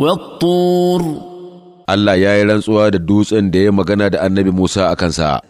والطور Allah ya yi rantsuwa da dutsen da ya magana da annabi Musa a kansa.